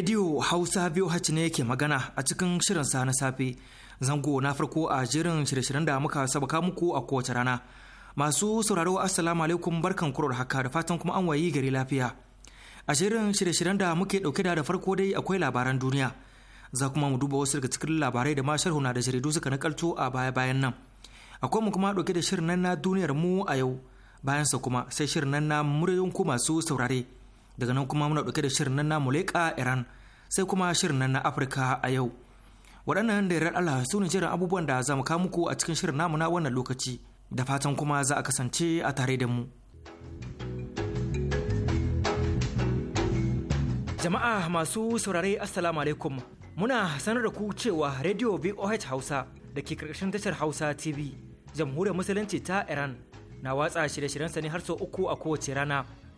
Radio Hausa biyu VOH ne ke magana a cikin shirin sa na safe. Zango na farko a jerin shirye-shiryen da muka sabaka muku a kowace rana. Masu sauraro Assalamu alaikum barkan kurar haka da fatan kuma an wayi gari lafiya. A jerin shirye-shiryen da muke dauke da da farko dai akwai labaran duniya. Za kuma mu duba wasu daga cikin labarai da ma sharhu na da jaridu suka nakalto a baya-bayan nan. Akwai mu kuma dauke da shirin nan na duniyar mu a yau. bayan sa kuma sai shirin nan na muryoyin ku masu saurare. daga nan kuma muna dauke da shirin nan na muleka iran sai kuma shirin nan na afirka a yau waɗannan da yarar allah su ne jiran abubuwan da za mu kawo muku a cikin shirin namu na wannan lokaci da fatan kuma za a kasance a tare da mu jama'a masu saurare assalamu alaikum muna sanar da ku cewa radio voh hausa da ke karkashin tashar hausa tv jamhuriyar musulunci ta iran na watsa shirye-shiryensa ne har sau uku a kowace rana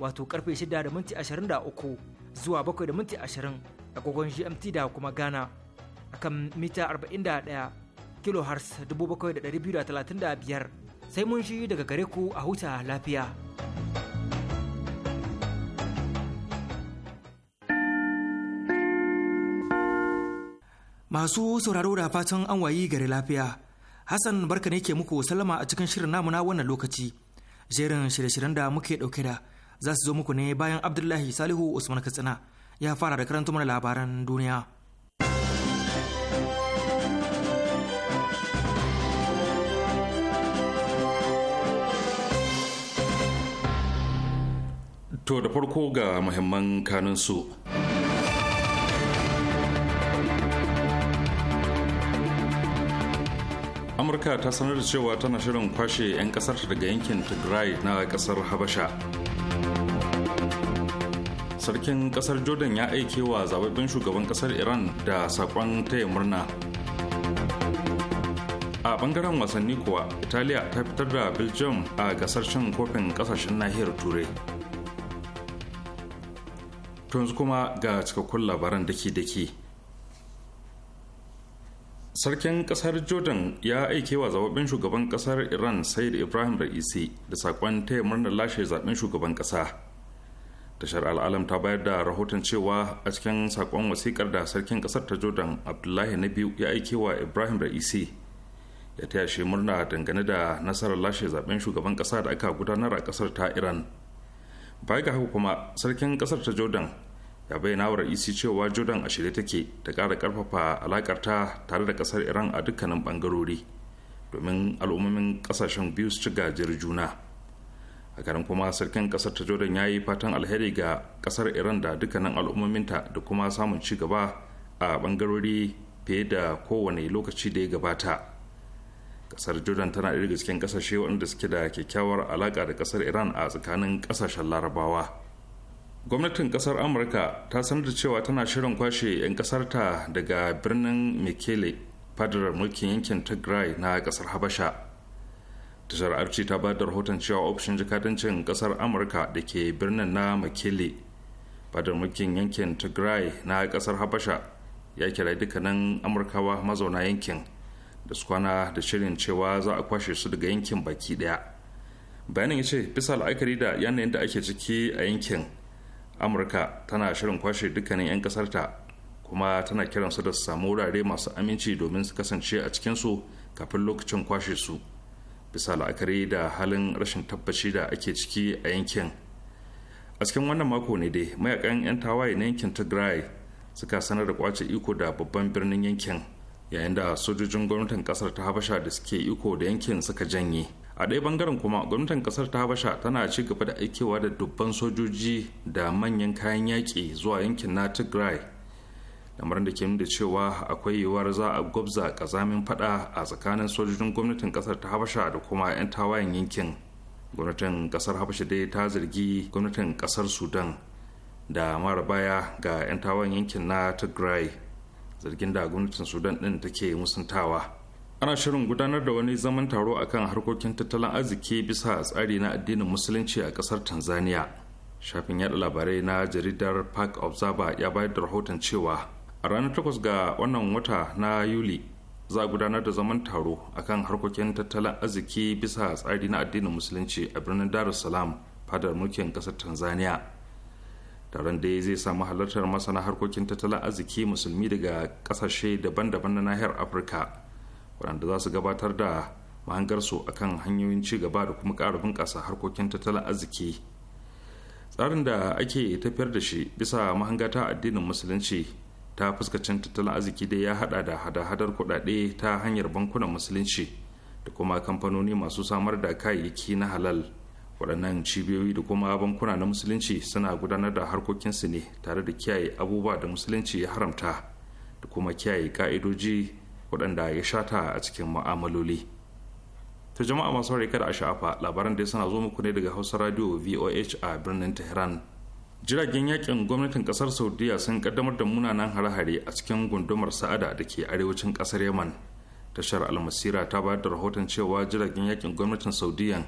wato karfe 6 da minti 23 zuwa 7 da minti 20 agogon GMT da kuma Ghana akan mita 41 kilohertz 7235 sai mun shi daga gare ku a huta lafiya. Masu sauraro da fatan an wayi gare lafiya. Hassan barka ne ke muku sallama a cikin shirin namuna wannan lokaci. Jerin shirye-shiryen da muke dauke da za su zo muku ne bayan abdullahi salihu usman katsina ya fara da karanta mana labaran duniya to da farko ga muhimman kanunsu amurka ta sanar da cewa tana shirin kwashe 'yan kasar daga yankin tigray na kasar habasha sarkin kasar jordan ya aike wa zababben shugaban kasar iran da sakon taya murna a bangaren wasanni kuwa italiya ta fitar da belgium a gasar cin kofin kasashen nahiyar turai tunzu kuma ga cikakkun labaran daki-daki sarkin kasar jordan ya aike wa zababben shugaban kasar iran da ibrahim ra'isi da saƙon taya murnar lashe zaben shugaban kasa tashar al'alam ta bayar da rahoton cewa a cikin sakon wasikar da sarkin kasar ta jordan abdullahi na biyu ya aike wa ibrahim ra'isi ya taya shi murna dangane da nasarar lashe zaben shugaban kasa da aka gudanar a kasar ta iran baya ga haka kuma sarkin kasar ta jordan ya bayyana wa ra'isi cewa jordan a shirye take ta kara karfafa alakar ta tare da kasar iran a dukkanin ɓangarori domin al'ummomin ƙasashen biyu su ci gajiyar juna a garin kuma sarkin kasar ta jordan ya yi fatan alheri ga kasar iran da dukkanin al'ummominta da kuma samun ci gaba a bangarori fiye da kowane lokaci da ya gabata kasar jordan tana ga cikin kasashe waɗanda suke da kyakkyawar alaƙa da kasar iran a tsakanin kasashen larabawa gwamnatin kasar amurka ta sanar da cewa tana shirin kwashe 'yan kasarta daga birnin mekele fadarar mulkin yankin tigray na kasar habasha tashar arci ta ba da rahoton cewa ofishin jikadancin kasar amurka da ke birnin na makele fadarmakin yankin tigray na kasar habasha ya kira dukkanin amurkawa mazauna yankin da su kwana da shirin cewa za a kwashe su daga yankin baki daya bayanin ya ce bisa la'akari da yanayin da ake ciki a yankin amurka tana shirin kwashe dukkanin 'yan kasarta kuma tana kiransu da su samu wurare masu aminci domin su kasance a cikinsu kafin lokacin kwashe su bisa la'akari da halin rashin tabbaci da ake ciki a yankin a cikin wannan mako ne dai mayakan 'yan tawaye na yankin tigray suka sanar da kwace iko da babban birnin yankin yayin da sojojin gwamnatin kasar ta habasha da suke iko da yankin suka janye a ɗaya bangaren kuma gwamnatin kasar ta habasha tana ci gaba da aikewa da dubban sojoji da manyan kayan yaƙi zuwa yankin na tigray lamarin da ke nuna cewa akwai yiwuwar za a gwabza kazamin fada a tsakanin sojojin gwamnatin kasar ta habasha da kuma 'yan tawayen yankin gwamnatin kasar habasha dai ta zargi gwamnatin kasar sudan da mara baya ga 'yan tawayen yankin na tigray zargin da gwamnatin sudan din take musuntawa ana shirin gudanar da wani zaman taro akan harkokin tattalin arziki bisa tsari na addinin musulunci a kasar tanzania shafin yada labarai na jaridar park observer ya bayar da rahoton cewa a ranar takwas ga wannan wata na yuli za a gudanar da zaman taro akan harkokin tattalin arziki bisa tsari na addinin musulunci a birnin darussalam fadar mulkin kasar tanzania taron da zai samu halartar masana harkokin tattalin arziki musulmi daga kasashe daban-daban na nahiyar afirka waɗanda za su gabatar da mahangarsu akan hanyoyin ci gaba da kuma ƙara bunƙasa harkokin tattalin arziki tsarin da ake tafiyar da shi bisa mahangata addinin musulunci ta fuskacin tattalin arziki da ya hada da hada-hadar kuɗaɗe ta hanyar bankunan musulunci da kuma kamfanoni masu samar da kayayyaki na halal waɗannan cibiyoyi da kuma bankuna na musulunci suna gudanar da harkokinsu ne tare da kiyaye abubuwa da musulunci ya haramta da kuma kiyaye ka'idoji waɗanda ya shata a cikin ma'amaloli ta jama'a masu kada a sha'afa labaran da suna zo muku ne daga hausa radio voh a birnin tehran jiragen yakin gwamnatin kasar saudiya sun kaddamar da munanan hare-hare a cikin gundumar sa'ada da ke arewacin kasar yaman tashar almasira ta bayar da rahoton cewa jiragen yakin gwamnatin Saudiyya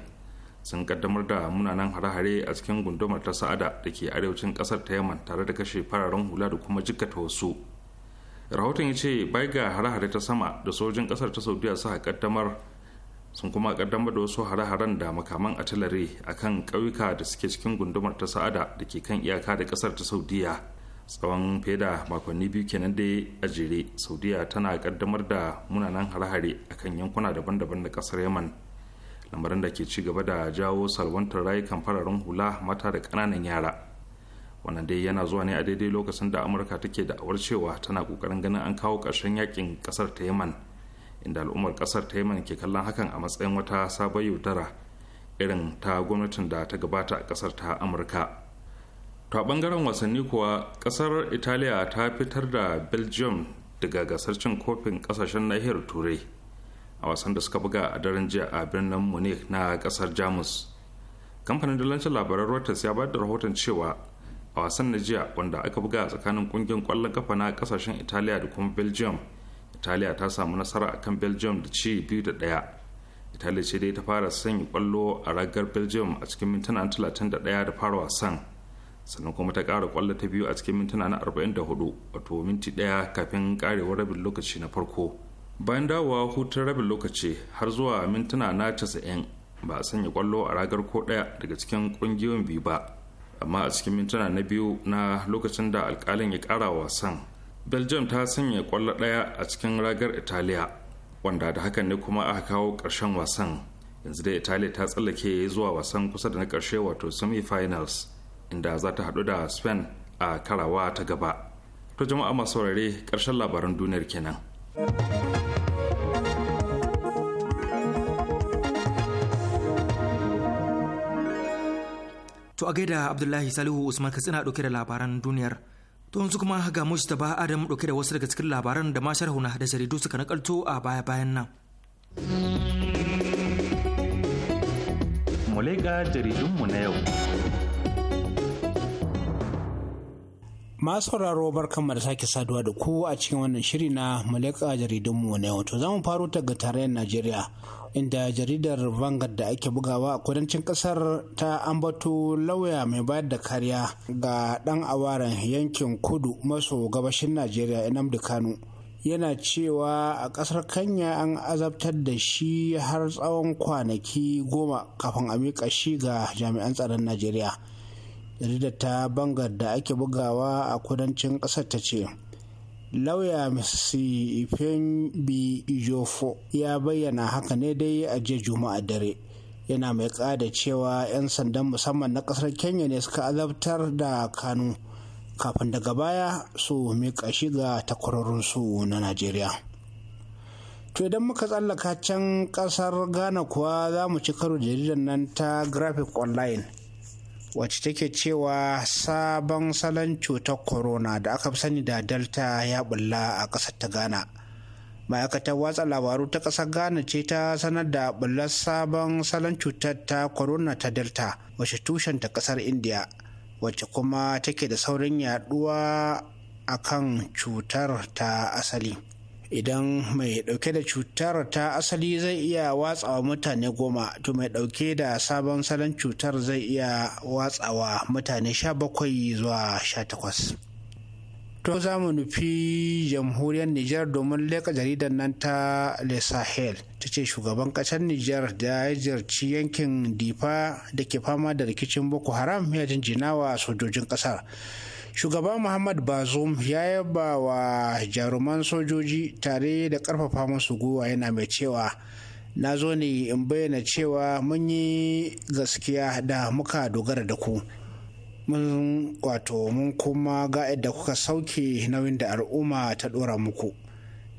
sun kaddamar da munanan hare-hare a cikin gundumar ta sa'ada da ke arewacin kasar ta yaman tare da kashe fararen hula da kuma jikkata wasu rahoton ya ce bai ga hare-hare ta sama da sojin kasar ta saudiya suka kaddamar sun kuma kaddamar da wasu hare-haren da makaman atilare a kan ƙauyuka da suke cikin gundumar ta sa'ada da ke kan iyaka da ƙasar ta saudiya tsawon feda makonni biyu kenan dai a jere saudiya tana kaddamar da munanan hare-hare a kan yankuna daban-daban da ƙasar yaman lamarin da ke ci gaba da jawo salwantar rayukan fararen hula mata da ƙananan yara wannan dai yana zuwa ne a daidai lokacin da amurka take da'awar cewa tana ƙoƙarin ganin an kawo ƙarshen yakin ƙasar ta yaman inda al'ummar kasar ta mana ke kallon hakan a matsayin wata sabon yaudara irin ta gwamnatin da ta gabata a kasar ta amurka to a bangaren wasanni kuwa kasar italiya ta fitar da belgium daga gasar cin kofin kasashen nahiyar turai a wasan da suka buga a daren jiya a birnin munich na kasar jamus kamfanin dalancin labaran reuters ya bada da rahoton cewa a wasan na jiya wanda aka buga tsakanin kungiyar kwallon kafa na kasashen italiya da kuma belgium italiya ta samu nasara a kan belgium da ci biyu da ɗaya italiya ce dai ta fara sanya kwallo a ragar belgium a cikin mintuna talatin da ɗaya da fara wasan sannan kuma ta ƙara kwallo ta biyu a cikin mintuna na arba'in da hudu wato minti ɗaya kafin karewar rabin lokaci na farko bayan dawowa hutun rabin lokaci har zuwa mintuna na casa'in ba a sanya kwallo a ragar ko ɗaya daga cikin ƙungiyoyin biyu ba amma a cikin mintuna na biyu na lokacin da alkalin ya kara wasan belgium ta sanya kwallo ɗaya a cikin ragar italiya wanda da hakan ne kuma aka kawo karshen wasan yanzu da italiya ta tsallake zuwa wasan kusa da na karshe wato semi-finals inda za ta haɗu da spain a karawa ta gaba to jama'a masu saurare ƙarshen labaran duniyar kenan to a gaida abdullahi salihu usman katsina ɗauke da labaran duniyar To yanzu kuma ga ba Adam dauke da wasu daga cikin labaran da ma sharhuna da jaridu suka nakalto a baya-bayan nan. Mulega jaridunmu na yau. masu sauraro barkanmu da sake saduwa da ku a cikin wannan shiri na malika jaridunmu na yau to za mu faro daga tarayyar najeriya inda jaridar vanguard da ake bugawa a kudancin kasar ta ambato lauya mai bayar da kariya ga dan awaren yankin kudu maso gabashin najeriya inamdi Kano, yana cewa a kasar kenya an azabtar da shi har tsawon kwanaki goma kafin a miƙa shi ga jami'an tsaron najeriya jaridar ta bangar da ake bugawa a kudancin ƙasar ta ce lauya msifembi ijofo ya bayyana haka ne dai a jiya juma'a dare yana mai ƙada cewa 'yan sandan musamman na ƙasar kenya ne suka azabtar da kanu kafin daga baya su miƙa shi ga takwarorinsu na najeriya to idan muka tsallaka can ƙasar ghana kuwa za mu ci karo jaridar nan ta graphic online wacce take cewa sabon salon cutar corona da aka fi sani da delta ya bulla a ƙasar ta ghana ma'aikatar watsa labaru ta ƙasar ghana ce ta sanar da bullar sabon salon cutar ta corona ta delta wacce tushen ta ƙasar india wacce kuma take da saurin yaduwa akan cutar ta asali idan mai dauke da cutar ta asali zai iya watsawa mutane goma to mai dauke da sabon salon cutar zai iya watsawa mutane sha bakwai zuwa sha takwas to za mu nufi jamhuriyar niger domin leka jaridar nan ta le sahel ta ce shugaban kasar niger da ya ziyarci yankin difa da ke fama da rikicin boko haram ya jinjinawa sojojin kasar shugaba muhammad bazoum ya yaba wa jaruman sojoji tare da karfafa musu gwiwa yana mai cewa na zo ne in bayyana cewa mun yi gaskiya da muka dogara da ku mun wato mun kuma ga yadda kuka sauke nauyin da al'umma ta dora muku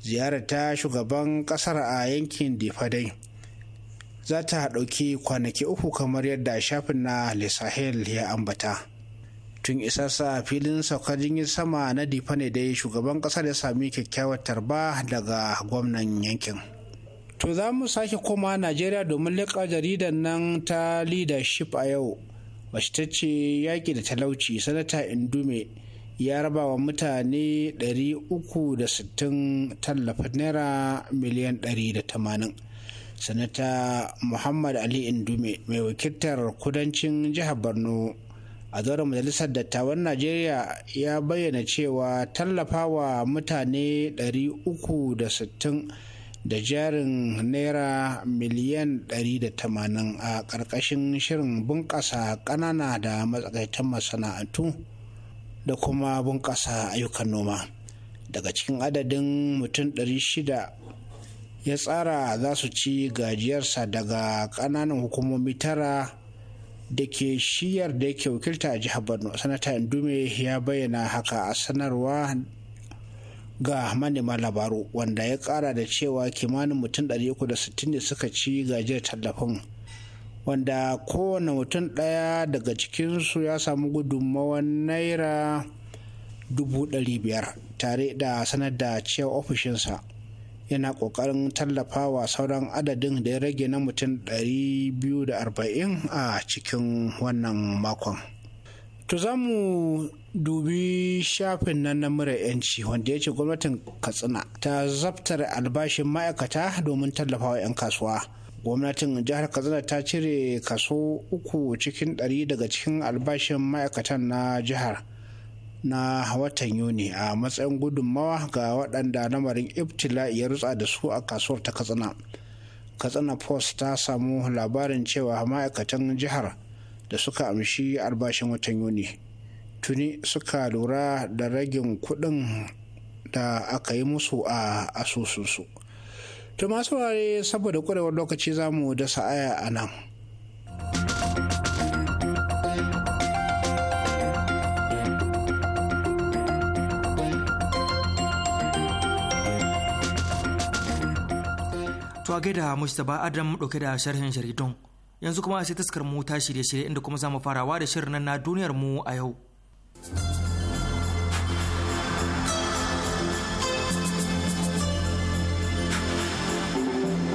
ziyarar ta shugaban kasar a yankin difadai za ta ɗauki kwanaki uku kamar yadda shafin na le sahel ya ambata tun isarsa a filin saukar jirgin sama na difa ne dai shugaban kasar ya sami kyakkyawar tarba daga gwamnan yankin to za mu sake koma najeriya domin leƙa jaridar nan ta leadership a yau mace ta ce yaƙi da talauci sanata indume ya raba wa mutane 360 tallafin naira miliyan 180 sanata muhammad ali indume mai wakiltar kudancin jihar borno a zauren majalisar dattawan najeriya ya bayyana cewa tallafawa mutane 360 da jarin naira miliyan 180 a ƙarƙashin shirin bunƙasa ƙanana da matsakaitan masana'antu da kuma bunƙasa ayyukan noma daga cikin adadin mutum 600 ya tsara za su ci gajiyarsa daga ƙananan hukumomi tara da ke shiyar da yake wakilta a jihar borno sanata indume ya bayyana haka a sanarwa ga manema labaru wanda ya kara da cewa kimanin mutum 360 ne suka ci gajiyar tallafin wanda kowane mutum ɗaya daga cikinsu ya samu gudunmawar naira 500 tare da sanar da cewa ofishinsa yana ƙoƙarin tallafawa sauran adadin da ya rage na mutum 240 a cikin wannan makon. To za mu dubi shafin nan na mura yanci wanda ya ce gwamnatin Katsina ta zabtar albashin ma'aikata domin tallafawa 'yan kasuwa. Gwamnatin jihar Katsina ta cire kaso uku cikin ɗari daga cikin albashin ma'aikatan na jihar. na watan yuni a matsayin gudunmawa ga waɗanda lamarin Iftila ya rutsa da su a kasuwar ta katsina katsina post ta samu labarin cewa ma'aikatan jihar da suka amshi albashin watan yuni tuni suka lura da ragin kuɗin da aka yi musu a asusunsu. To masu saboda kwarewar lokaci za mu dasa aya a nan. To a gaida Mustapha Adam dauke da sharhin jaridun. Yanzu kuma sai taskar mu ta shirye-shirye inda kuma za mu farawa da shirin nan na duniyar mu a yau.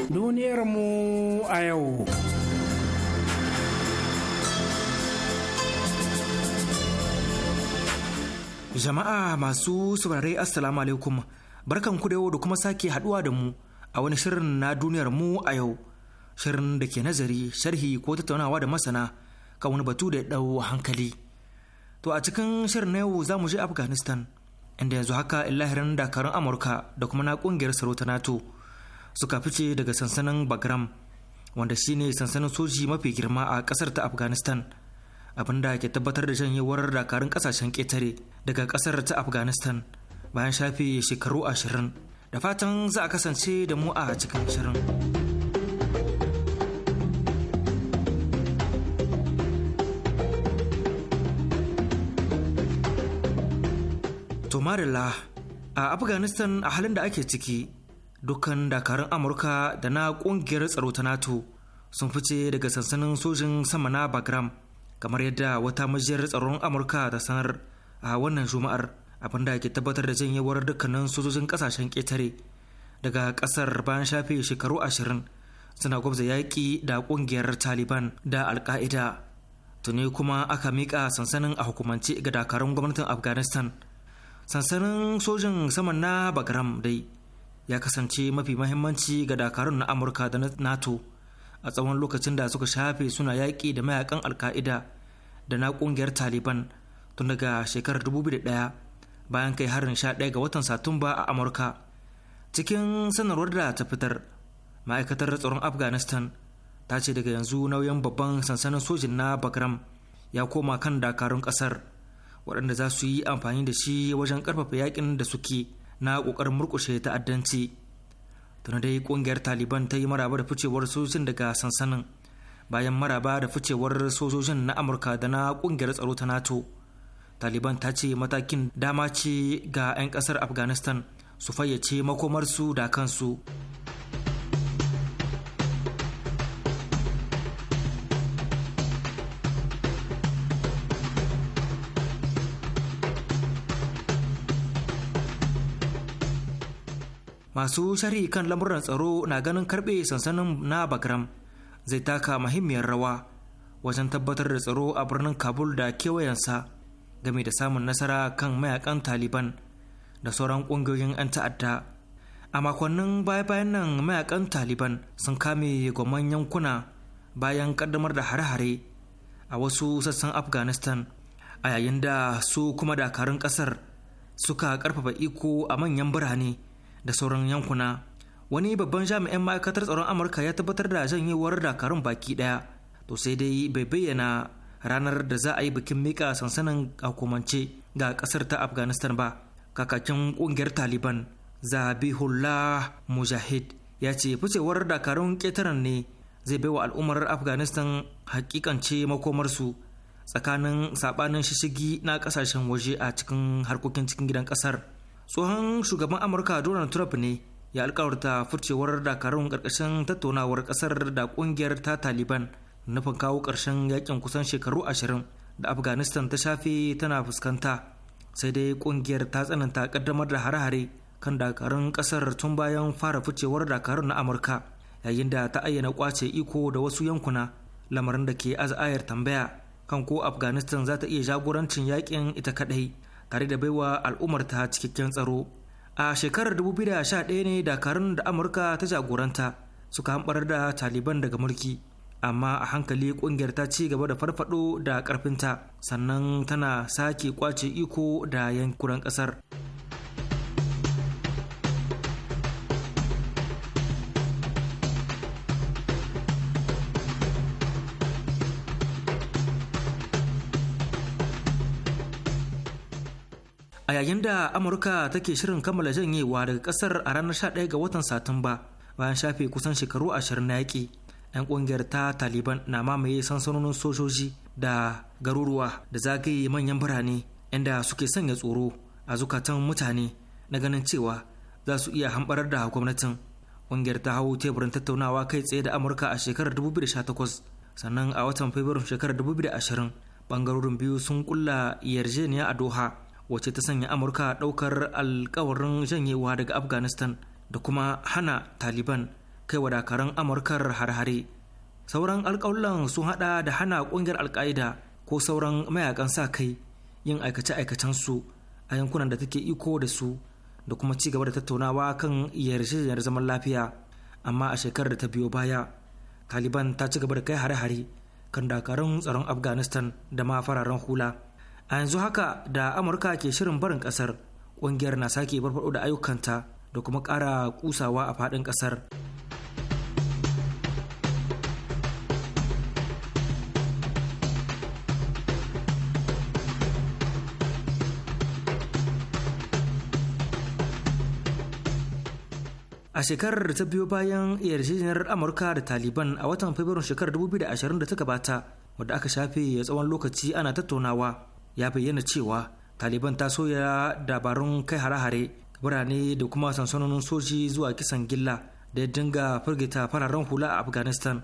Duniyar mu a yau. Jama'a masu saurare Assalamu alaikum. Barkan ku da yau da kuma sake haduwa da mu a wani shirin na duniyar mu a yau shirin da ke nazari sharhi ko tattaunawa da masana kan wani batu da ya ɗau hankali to a cikin shirin na yau za mu je afghanistan inda yanzu haka illahirin dakarun amurka da kuma na kungiyar saro ta nato suka fice daga sansanin bagram wanda shine sansanin soji mafi girma a kasar ta afghanistan abin da ke tabbatar da janyewar dakarun kasashen ketare daga kasar ta afghanistan bayan shafe shekaru ashirin da fatan za a kasance da mu a cikin shirin. Tomarilla a Afghanistan a halin da ake ciki dukkan dakarun Amurka da na ƙungiyar tsaro ta NATO sun fice daga sansanin sojin sama na Bagram kamar yadda wata majiyar tsaron Amurka ta sanar a wannan juma'ar. abin da ke tabbatar da warar dukkanin sojojin kasashen ƙetare daga ƙasar bayan shafe shekaru ashirin suna gwabza yaƙi da ƙungiyar taliban da alka'ida tuni kuma aka miƙa sansanin a hukumance ga dakarun gwamnatin afghanistan sansanin sojin saman na bagram dai ya kasance mafi mahimmanci ga dakarun na amurka da nato a tsawon lokacin da suka shafe suna yaƙi da mayakan alka'ida da na ƙungiyar taliban tun daga shekarar 2001 bayan kai harin 11 ga watan satumba a amurka cikin sanarwar da ta fitar ma'aikatar tsaron afghanistan ta ce daga yanzu nauyin babban sansanin sojin na bagram ya koma kan dakarun kasar waɗanda za su yi amfani da shi wajen ƙarfafa yakin da suke na ƙoƙarin murƙushe ta'addanci tuna dai ƙungiyar taliban ta yi maraba da ficewar sojin daga sansanin bayan maraba da ficewar sojojin na amurka da na ƙungiyar tsaro ta nato taliban ta ce matakin dama ce ga 'yan kasar afghanistan su fayyace makomarsu da kansu masu shari kan lamuran tsaro na ganin karbe sansanin na bagram zai taka muhimmiyar rawa wajen tabbatar da tsaro a birnin kabul da kewayensa game da samun nasara kan mayakan taliban da sauran ƙungiyoyin 'yan ta'adda a makonnin baya-bayan nan mayakan taliban sun kame gwamman yankuna bayan kaddamar da hare-hare a wasu sassan afghanistan a yayin da su kuma dakarun ƙasar suka ƙarfafa iko a manyan birane da sauran yankuna wani babban jami'in ma'aikatar tsaron amurka ya tabbatar da janyewar dakarun baki ɗaya to sai dai bai bayyana ranar da za a yi bikin mika sansanin hukumance ga ƙasar ta afghanistan ba kakakin ƙungiyar taliban zabihullah mujahid ya ce ficewar dakarun ƙetaren ne zai baiwa al'ummar afghanistan hakikance makomarsu tsakanin sabanin shishigi na kasashen waje a cikin harkokin cikin gidan ƙasar tsohon shugaban amurka donald trump ne ya alkawarta ficewar dakarun karkashin tattaunawar ƙasar da ƙungiyar ta taliban nufin kawo ƙarshen yakin kusan shekaru ashirin da afghanistan ta shafe tana fuskanta sai dai ƙungiyar ta tsananta ƙaddamar da hare-hare kan dakarun ƙasar tun bayan fara ficewar dakarun na amurka yayin da ta ayyana kwace iko da wasu yankuna lamarin da ke az'ayar tambaya kan ko afghanistan za ta iya jagorancin yakin ita kadai tare da baiwa al'ummarta cikakken tsaro a shekarar 2011 ne dakarun da amurka ta jagoranta suka hambar da taliban daga mulki amma a hankali kungiyar ta ci gaba da farfado da karfinta sannan tana sake kwace iko da yankuran kasar a yayin da amurka take shirin kammala janyewa daga kasar a ranar 11 ga watan satumba bayan shafe kusan shekaru ashirin na yaƙi 'yan kungiyar ta taliban na mamaye sansanonin sojoji da garuruwa da zagaye manyan birane inda suke sanya tsoro a zukatan mutane na ganin cewa za su iya hambarar da gwamnatin ƙungiyar ta hau teburin tattaunawa kai tsaye da amurka a shekarar 2018 sannan a watan fabrairu shekarar 2020 bangarorin biyu sun kulla yarjejeniya a doha wacce ta sanya amurka ɗaukar alkawarin janyewa daga afghanistan da kuma hana taliban kai wa dakarun amurkar har-hare sauran alƙawuran sun haɗa da hana ƙungiyar alƙa'ida ko sauran mayakan sa kai yin aikace aikacen su a yankunan da take iko da su da kuma ci gaba da tattaunawa kan yarjejeniyar zaman lafiya amma a shekarar da ta biyo baya taliban ta ci gaba da kai hare-hare kan dakarun tsaron afghanistan da ma fararen hula a yanzu haka da amurka ke shirin barin kasar ƙungiyar na sake farfado da ayyukanta da kuma ƙara kusawa a faɗin ƙasar. shekarar da ta biyo bayan yarjejeniyar amurka da taliban a watan fabrairun shekarar 2020 da ta gabata wadda aka shafe ya tsawon lokaci ana tattaunawa ya bayyana cewa taliban ta soya dabarun kai hare-hare birane da kuma sansanonin soji zuwa kisan gilla da ya dinga firgita fararen hula a afghanistan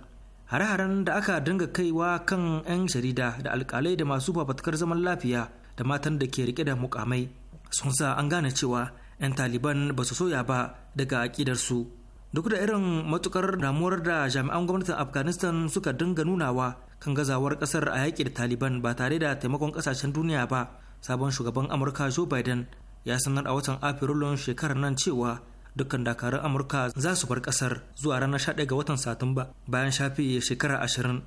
hare-haren da aka dinga kaiwa kan 'yan jarida da alkalai da masu fafatakar zaman lafiya da matan da ke rike da mukamai sun sa an gane cewa 'yan taliban ba su soya ba daga aƙidarsu duk da irin matukar damuwar da jami'an gwamnatin afghanistan suka dinga nunawa kan gazawar kasar a yaƙi da taliban ba tare da taimakon ƙasashen duniya ba sabon shugaban amurka joe biden ya sanar a watan afirilun shekarar nan cewa dukkan dakarun amurka za su bar kasar zuwa ranar 11 ga watan satumba bayan shafe shekara ashirin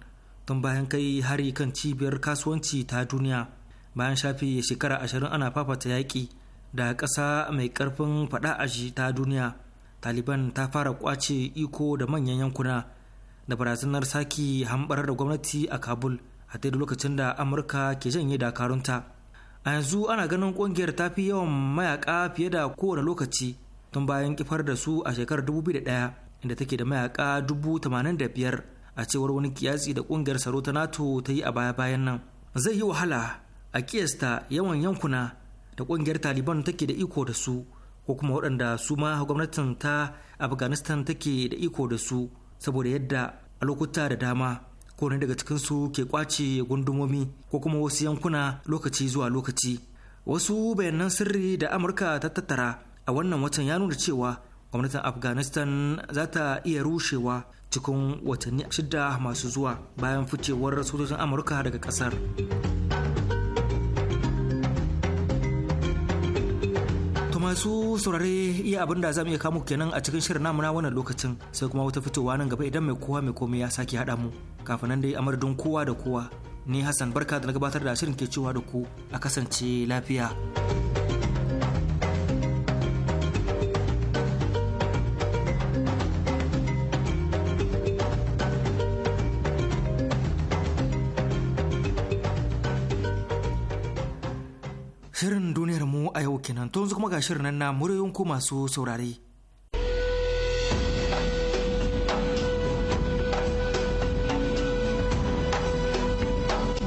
tun bayan kai hari kan cibiyar kasuwanci ta duniya bayan shafe shekara ashirin ana fafata yaƙi da ƙasa mai ƙarfin faɗa aji ta duniya taliban ta fara ƙwace iko da manyan yankuna da barazanar saki hambar da gwamnati a kabul a daidai lokacin da amurka ke janye dakarunta a yanzu ana ganin ƙungiyar ta fi yawan mayaka fiye da kowane lokaci tun bayan kifar da su a shekarar 2001 inda take da mayaka biyar a cewar wani kiyasi da ƙungiyar saro ta nato ta yi a baya-bayan nan zai yi wahala a kiyasta yawan yankuna da kungiyar taliban take da iko da su ko kuma waɗanda su ma gwamnatin ta afghanistan take da iko da su saboda yadda a lokuta da dama ko ne daga su ke kwace gundumomi ko kuma wasu yankuna lokaci zuwa lokaci wasu bayanan sirri da amurka ta tattara a wannan watan ya nuna cewa gwamnatin afghanistan za ta iya rushewa cikin watanni shida masu zuwa bayan ficewar sojojin amurka daga kasar. masu saurare iya abin da zamu iya kamu kenan a cikin shirin namuna wannan lokacin sai kuma wata fitowa nan gaba idan mai kowa mai komai ya sake haɗa mu kafin nan dai amardin kowa da kowa ni Hassan barka da na gabatar da shirin ke cewa da ku a kasance lafiya. To yanzu kuma ga shirin nan na muryoyin ku masu saurare.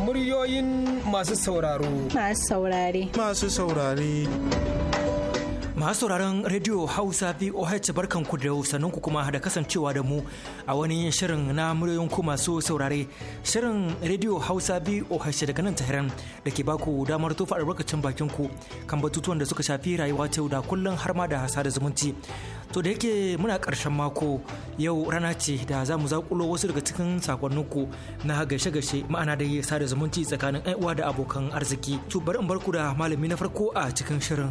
Muryoyin masu sauraro. Masu saurare. Masu saurare. Masu sauraron Radio Hausa VOH barkanku da ku kuma da kasancewa da mu a wani shirin na muryoyin ku masu saurare. Shirin Radio Hausa VOH daga nan Tahiran da ke baku damar tofa albarkacin bakin ku kan batutuwan da suka shafi rayuwa ta yau da kullum har ma da hasa zumunci. To da yake muna karshen mako yau rana ce da za mu zakulo wasu daga cikin ku na gaishe gashe ma'ana da yi sada zumunci tsakanin uwa da abokan arziki. To bari in barku da malami na farko a cikin shirin.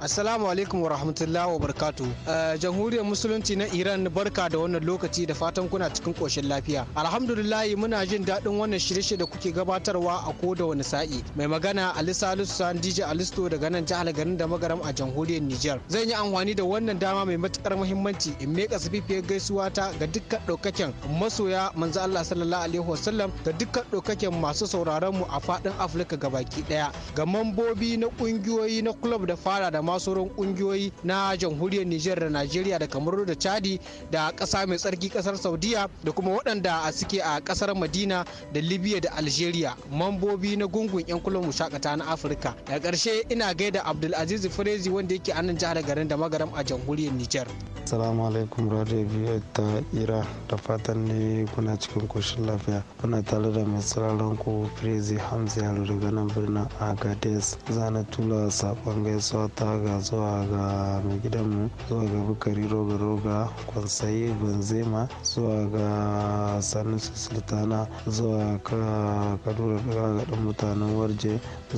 Assalamu alaikum wa rahmatullahi wa barkatu. Uh, jamhuriyar Musulunci na Iran barka da wannan lokaci da fatan kuna cikin koshin lafiya. Alhamdulillahi muna jin daɗin wannan shirye da kuke gabatarwa a ko da wani sa'i. Mai magana Ali Salisu San DJ Alisto daga nan jihar garin da magaram a jamhuriyar Nijar. Zan yi amfani da wannan dama mai matukar muhimmanci in mika sififiyar gaisuwa ta ga dukkan ɗaukaken masoya manzo Allah sallallahu alaihi wasallam da dukkan ɗaukaken masu sauraron mu a faɗin Afirka gabaki ɗaya. Ga mambobi na ƙungiyoyi na club da fara da ma sauran kungiyoyi na jamhuriyar Nijar da Najeriya da Kamaru da Chadi da kasa mai tsarki kasar Saudiya da kuma waɗanda suke a ƙasar Madina da Libya da Algeria mambobi na gungun 'yan kulan mushakata na Afirka. a ƙarshe ina gaida Abdulaziz Firezi wanda yake a nan jihar garin da magaram a jamhuriyar Nijar. Assalamu alaikum Radio Biyu ta Ira da fatan ne kuna cikin koshin lafiya. Kuna tare da mai sauraron ku Firezi Hamza Yaro daga nan birnin Agadez. Zana tula sakon gaisuwa ta ga zuwa ga mai gidanmu zuwa ga bukari roga roga kwansaye benzema zuwa ga sanusi sultana zuwa ga kadura mutanen warje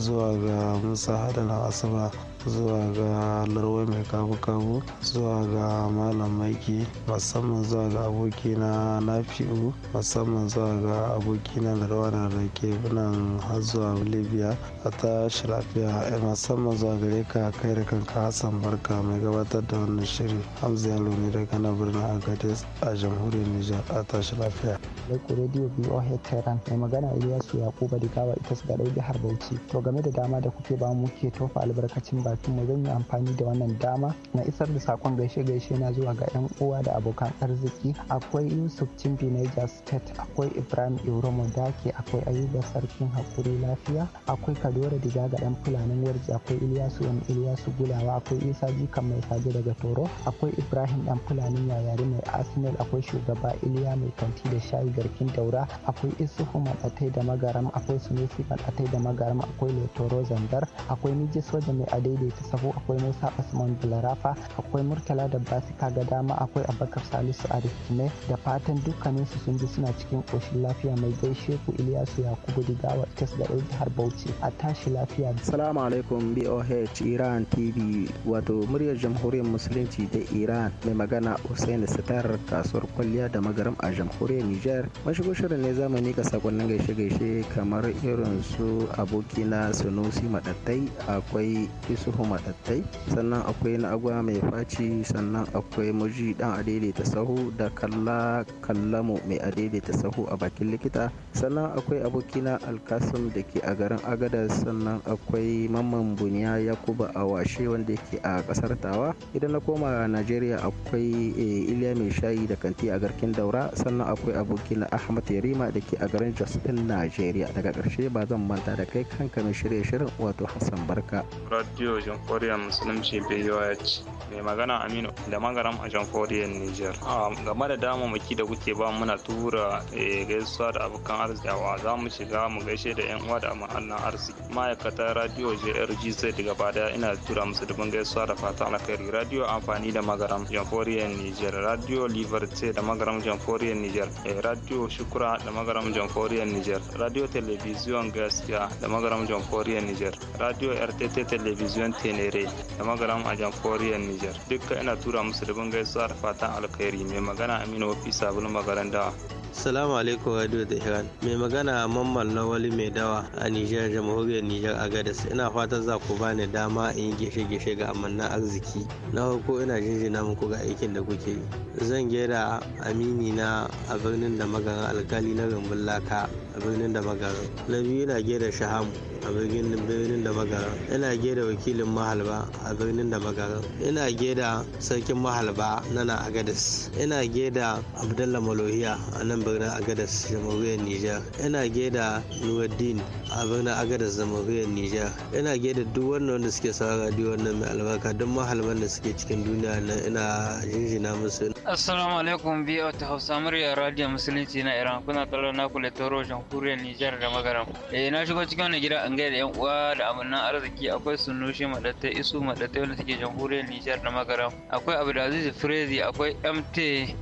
zuwa ga musa hadana asaba zuwa ga larwai mai kabu-kabu zuwa ga malam maiki musamman zuwa ga abokina nafi'u musamman zuwa ga abokina larwa na rake nan har zuwa libya a ta shirafiya eh, musamman zuwa gare ka kai da kanka hassan barka mai gabatar da wannan shiri hamza yalo ne daga na birnin agadez a jamhuriyar nijar a tashi lafiya. Laiko Radio BOH Tehran mai magana Iliyasu Yakuba Digawa ita su da jihar Bauchi. To game da dama da kuke ba mu ke tofa albarkacin ba bakin mu zan yi amfani da wannan dama na isar da sakon gaishe gaishe na zuwa ga yan uwa da abokan arziki akwai Yusuf Cimbi Niger State akwai Ibrahim Iromo Dake akwai Ayuba Sarkin Hakuri Lafiya akwai Kadore Diga ga yan Fulanin Warji akwai iliyasu wani Ilyasu Gulawa akwai Isa Jikan Mai Saje daga Toro akwai Ibrahim Dan Fulanin Yayari Mai Arsenal akwai shugaba Iliya Mai Kanti da Shayi Garkin Daura akwai Isuhu Matsatai da Magaram akwai Sunusi Matsatai da Magaram akwai Letoro Zandar akwai miji Soja Mai Adai daidaita sabo akwai musa usman bularafa akwai murtala da basika ga dama akwai abakar salisu a rikime da fatan dukkanin su sun ji suna cikin koshin lafiya mai gaishe ku iliyasu yakubu digawa kes da ɗauki har bauchi a tashi lafiya. salamu alaikum boh iran tv wato muryar jamhuriyar musulunci ta iran mai magana usaini sitar kasuwar kwalliya da magaram a jamhuriyar niger mashigo shirin ne zamani ka sakonnin gaishe-gaishe kamar irin su abokina sunusi madattai akwai iso. Isuhu Maɗattai sannan akwai na agwa mai faci sannan akwai muji dan adaidaita sahu da kalla kallamu mai adaidaita sahu a bakin likita sannan akwai abokina alkasim da ke a garin agada sannan akwai mamman buniya yakuba a washe wanda ke a kasar tawa idan na koma najeriya akwai eh, iliya mai shayi da kanti a garkin daura sannan akwai abokina ahmad yarima da ke a garin jos din najeriya daga ƙarshe ba zan manta da kai kanka mai shirye shirin wato hassan barka radio sojojin koriya musulunci boh mai magana aminu da magaram a koriya niger game da dama maki da kuke ba muna tura eh, gaisuwa da abokan arzikawa za mu shiga mu gaishe da yan uwa da ma'anar arziki ma'aikata radio jrg sai daga bada ina tura musu dubin gaisuwa da fata alkhairi radio amfani da magaram koriya niger radio liberté da magaram koriya niger eh, radio shukura da magaram koriya niger radio television gaskiya da magaram koriya niger radio rtt television garin tenere da magaram a jamforiyar niger duka ina tura musu da gaisuwa da fatan alkhairi mai magana aminu wafi sabon magaran dawa Salamu alaikum Radio Tehran. Mai magana Mamman Lawali Mai Dawa a Nijar Jamhuriyar Nijar Agadas. Ina fatan za ku bani dama in yi gishe-gishe ga amanna arziki. Na farko ina jinjina muku ga aikin da kuke yi. Zan gera amini na a birnin da magaran alkali na rumbun laka a birnin da magaran. Na biyu ina gera shahamu a birnin da magaran. Ina gera wakilin mahalba a birnin da magaran. Ina gera sarkin mahalba na na Agadas. Ina gera Abdallah Malohiya a nan nan birnin agadas jamhuriyar nijar yana gaida nuwaddin a birnin agadas jamhuriyar nijar ina gaida duk wannan wanda suke sawa radio wannan mai albarka don mahalman da suke cikin duniya nan ina jinjina musu assalamu alaikum biyu ta hausa murya radio musulunci na iran kuna tare na kula toro jamhuriyar nijar da magaram eh na shigo cikin wani gida an gaida yan uwa da amannan arziki akwai sunushi madatai isu madatai wanda suke jamhuriyar nijar da magaram akwai abdulaziz frezi akwai mt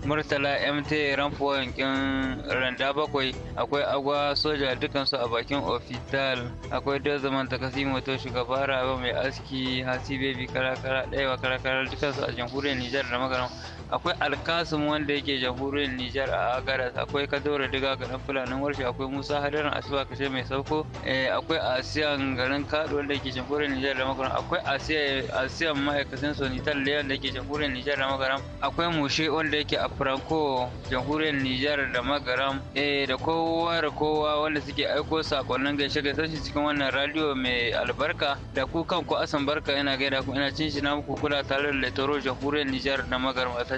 murtala mt ramfo yankin randa bakwai akwai agwa soja dukansu a bakin ofital akwai da zaman kasi to shugaba rabe mai aski hasi baby karakara ɗaya wa karakara dukansu a jamhuriyar nijar da magana akwai alkasum wanda yake jamhuriyar nijar a agaras akwai kadore diga garin fulanin warshe akwai musa hadarin asuba kashe mai sauko eh, akwai asiyan garin kado wanda yake jamhuriyar nijar da magaram akwai asiyan ma'aikacin sonitar leon da yake jamhuriyar nijar da magaram akwai mushe wanda yake a franco jamhuriyar nijar da magaram eh, da kowa da kowa wanda suke aiko sakonnin gaishe gaishe cikin wannan radio mai albarka da ku kanku asan barka yana gaida ku ina cin shi na muku kula tare da letoro jamhuriyar nijar da magaram a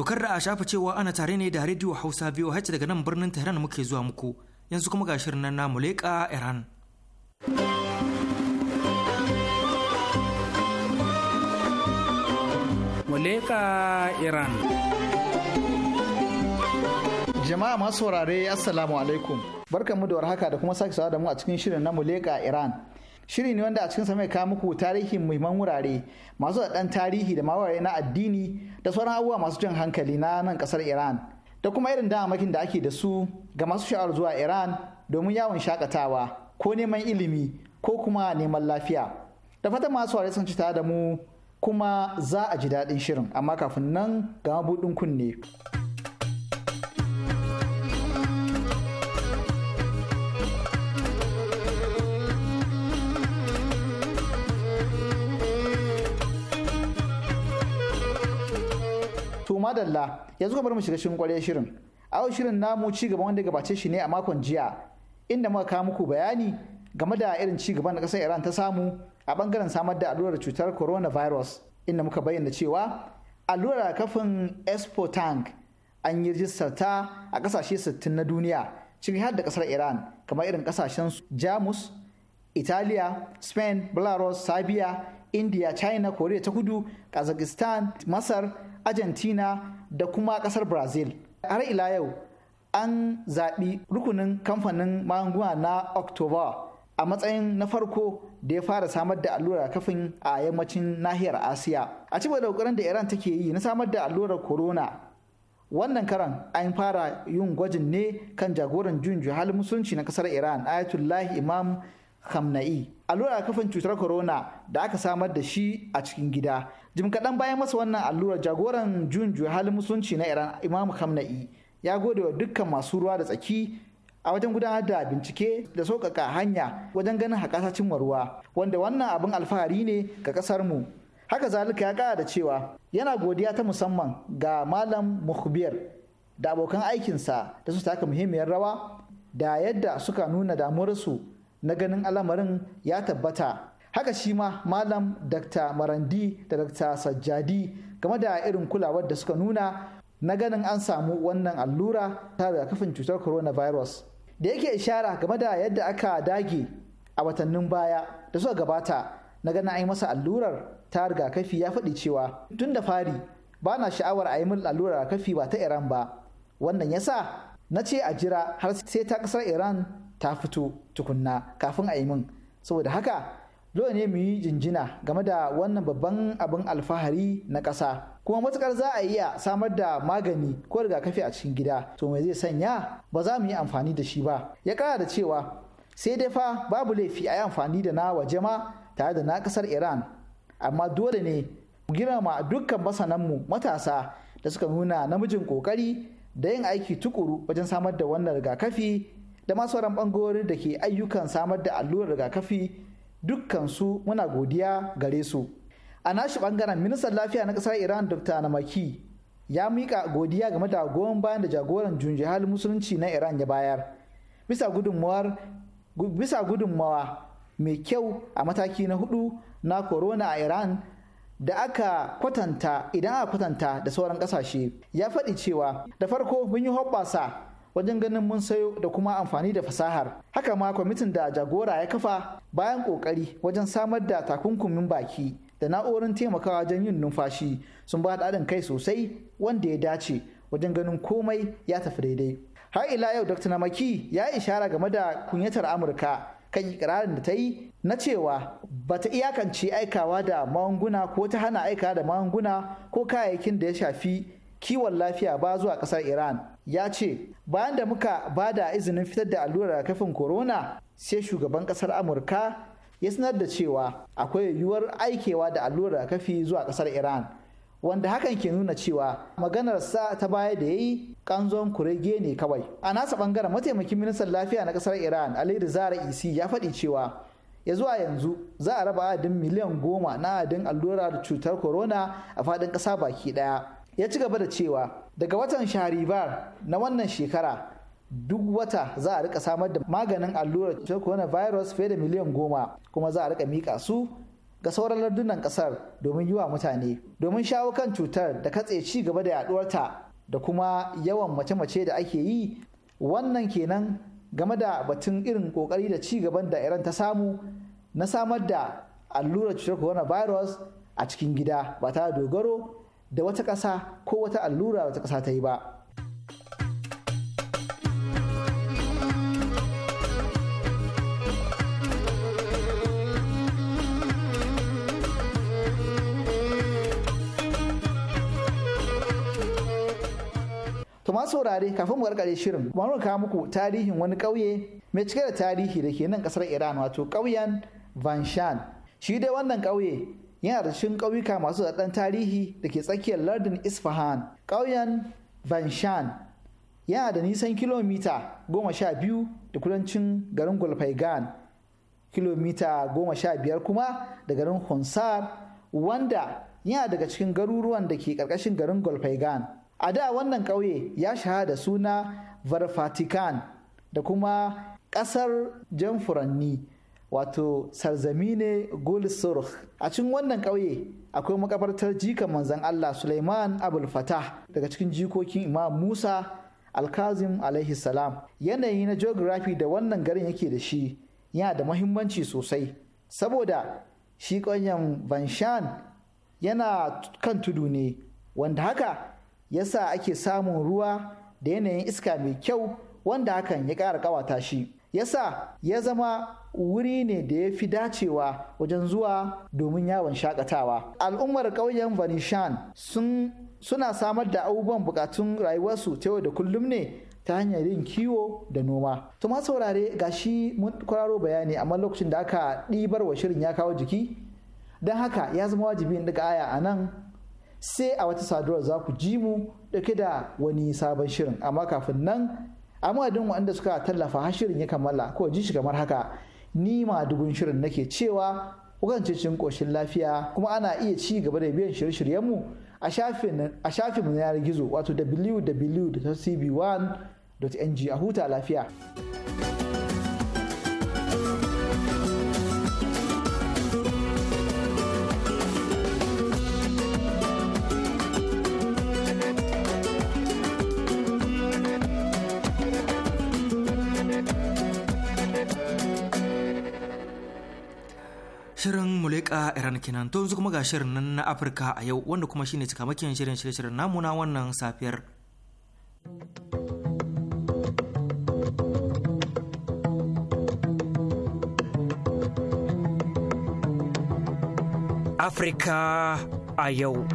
To kar da a shafa cewa ana tare ne da radio Hausa biyu daga nan birnin Tehran muke zuwa muku yanzu kuma ga shirin nan namu leƙa Iran. Muleka Iran Jama'a masu saurare Assalamu alaikum. Barkanmu da warhaka da kuma sake sawa da mu a cikin shirin na Muleka Iran. shiri ne wanda a cikin mai kawo muku tarihin muhimman wurare masu da tarihi da mawaye na addini da sauran abubuwa masu jan hankali na nan kasar iran da kuma irin damamakin da ake da su ga masu sha'awar zuwa iran domin yawon shakatawa ko neman ilimi ko kuma neman lafiya da fatan masu ware sun ci da mu kuma za a ji daɗin shirin amma kafin nan ga mabuɗin kunne. madalla yanzu ka bar mu shiga cikin kware shirin a shirin namu ci gaba wanda gabace shi ne a makon jiya inda muka kawo muku bayani game da irin ci gaban da kasar Iran ta samu a bangaren samar da allurar cutar coronavirus inda muka bayyana cewa allurar kafin expo tank an yi rijistar ta a kasashe sittin na duniya ciki har da kasar Iran kamar irin kasashen Jamus, Italiya, Spain, Belarus, Serbia, India, China, Korea ta Kudu, Kazakhstan, Masar, argentina da kuma kasar brazil har ila yau an zaɓi rukunin kamfanin magunguna na oktoba a matsayin na farko da ya fara samar da allurar kafin a yammacin nahiyar asiya a cibiyar da ƙoƙarin da iran take yi na samar da allurar corona wannan karan an fara yin gwajin ne kan jagoran juyin halin musulunci na kasar iran ayatullahi imam Hamna'i. Allurar kafin cutar corona da aka samar da shi a cikin gida. Jim kaɗan bayan masa wannan allurar jagoran junju halin musulunci na Iran Imam Hamna'i ya gode wa dukkan masu ruwa da tsaki a wajen gudanar da bincike da sauƙaƙa hanya wajen ganin hakasacin ruwa wanda wannan abin alfahari ne ga ƙasar mu. Haka zalika ya ƙara da cewa yana godiya ta musamman ga Malam Mukhbir da abokan aikinsa da su taka muhimmiyar rawa da yadda suka nuna damuwarsu na ganin al'amarin ya tabbata haka shi ma malam dr marandi da dr sajjadi game da irin kulawar da suka nuna na ganin an samu wannan allura ta rigakafin cutar coronavirus da yake ishara game da yadda aka dage a watannin baya da suka gabata na ganin an yi masa allurar ta rigakafi ya faɗi cewa tun da fari ba na sha'awar a yi min allurar kafi ba ta iran ba wannan yasa na ce a jira har sai ta ƙasar iran ta fito tukunna kafin a yi min saboda haka dole ne mu yi jinjina game da wannan babban abin alfahari na ƙasa kuma matukar za a iya samar da magani ko rigakafi a cikin gida to me zai sanya ba za mu yi amfani da shi ba ya kara da cewa sai dai fa babu laifi a yi amfani da na waje ma tare da na ƙasar iran amma dole ne mu girmama dukkan masananmu matasa da suka nuna namijin ƙoƙari da yin aiki tukuru wajen samar da wannan rigakafi da masu sauran bangarori da ke ayyukan samar da allurar rigakafi dukkansu muna godiya gare su a nashi bangaren ministan lafiya na kasar iran dr namaki ya mika godiya game da goyon bayan da jagoran junjihal musulunci na iran ya bayar bisa gudunmawa mai kyau a mataki na hudu na corona a iran da aka kwatanta idan aka kwatanta da sauran kasashe ya faɗi cewa da farko mun yi hoɓɓasa wajen ganin mun sayo da kuma amfani da fasahar haka ma kwamitin da jagora ya kafa bayan ƙoƙari wajen samar da takunkumin baki da na'urin taimakawa wajen yin numfashi sun ba haɗin kai sosai wanda ya dace wajen ganin komai ya tafi daidai har ila yau dr namaki ya ishara game da kunyatar amurka kan ikirarin da ta yi na cewa ba ta iyakance aikawa da magunguna ko ta hana aika da magunguna ko kayayyakin da ya shafi kiwon lafiya ba zuwa kasar iran ya ce bayan da muka ba da izinin fitar da allurar kafin corona sai shugaban kasar amurka ya sanar da cewa akwai yiwuwar aikewa da allurar kafi zuwa kasar iran wanda hakan ke nuna cewa maganar sa ta baya da yayi yi kanzon kurege ne kawai a nasa bangaren mataimakin ministan lafiya na kasar iran ali rizara isi ya faɗi cewa ya zuwa yanzu za a raba adadin miliyan goma na adadin allurar cutar corona a faɗin ƙasa baki ɗaya ya ci gaba da cewa daga watan sharibar na wannan shekara duk wata za a rika samar da maganin allurar cutar virus fiye da miliyan goma kuma za a rika mika su ga sauran lardunan kasar domin yi mutane domin shawo kan cutar da katse ci gaba da yaduwarta da kuma yawan mace-mace da ake yi wannan kenan game da batun irin kokari da ci gaban da iran ta samu na samar da allurar cutar virus a cikin gida ba ta dogaro da wata ƙasa ko wata allura wata ƙasa ta yi ba. To ma saurare kafin mu karkare shirin, bari kawo muku tarihin wani ƙauye mai cike da tarihi da ke nan ƙasar Iran wato ƙauyen Vanshan. Shi dai wannan ƙauye yana da cikin ƙauyuka masu daɗan tarihi da ke tsakiyar lardin isfahan ƙauyen banshan yana da nisan kilomita goma sha biyu da kudancin garin gulfaigan kilomita goma sha biyar kuma da garin hunsar wanda yana daga cikin garuruwan da ke ƙarƙashin garin gulfaigan a da wannan ƙauye ya shahara da suna varfatikan da kuma ƙasar jan furanni wato Sarzami ne sarzamine gulisurh a cikin wannan ƙauye akwai makabartar jikan manzan Allah Suleiman Abul Fatah daga cikin jikokin Imam Musa Alkazim alaihi salam yanayi na geography da wannan garin yake da shi yana da mahimmanci sosai saboda shi ƙauyen Banshan yana kan tudu ne wanda haka yasa ake samun ruwa da yanayin iska mai kyau wanda hakan ya ƙara ƙawata shi yasa ya zama wuri ne da ya fi dacewa wajen zuwa domin yawon shakatawa al'ummar ƙauyen vanishan suna samar da abubuwan bukatun rayuwarsu ta yau da kullum ne ta hanyar yin kiwo da noma to ma saurare shi mun kwararo bayani amma lokacin da aka ɗibar wa shirin ya kawo jiki don haka ya zama wajibi in daga aya a nan sai a wata saduwar za ku ji mu dauke da wani sabon shirin amma kafin nan amma din wanda suka tallafa har shirin ya kammala ko ji shi kamar haka ni ma dugun shirin nake cewa kukance cikin koshin lafiya kuma ana iya ci gaba da biyan shirye shiryen mu a shafin mu na yanar gizo wato www.cb1.ng a huta lafiya. leƙa iran kenan to yanzu kuma ga shirin nan na afirka a yau wanda kuma shine cikamakin shirin shirin namu na wannan safiyar afirka a yau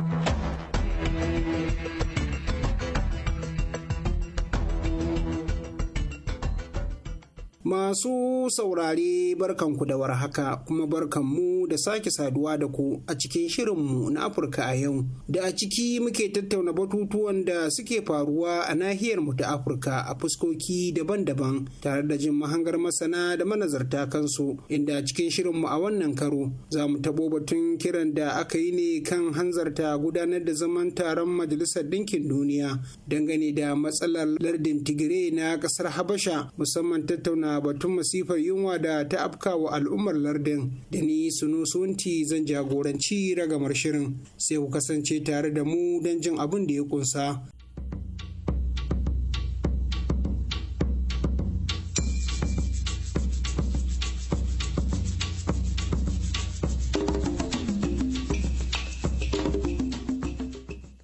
Masu saurare barkanku da warhaka kuma barkanmu da sake saduwa da ku a cikin shirinmu na Afirka a yau. Da a ciki muke tattauna batutuwan da suke faruwa a nahiyar mu ta Afirka a fuskoki daban-daban tare da jin mahangar masana da manazarta kansu inda a cikin shirinmu a wannan karo za mu tabo batun kiran da aka yi ne kan hanzarta gudanar da zaman taron Majalisar Ɗinkin Duniya dangane da matsalar lardin Tigire na ƙasar Habasha musamman tattauna batun masifar yunwa da ta afka wa al'ummar lardin da ni sunu sunti zan jagoranci ragamar shirin sai ku kasance tare da mu don jin abin da ya kunsa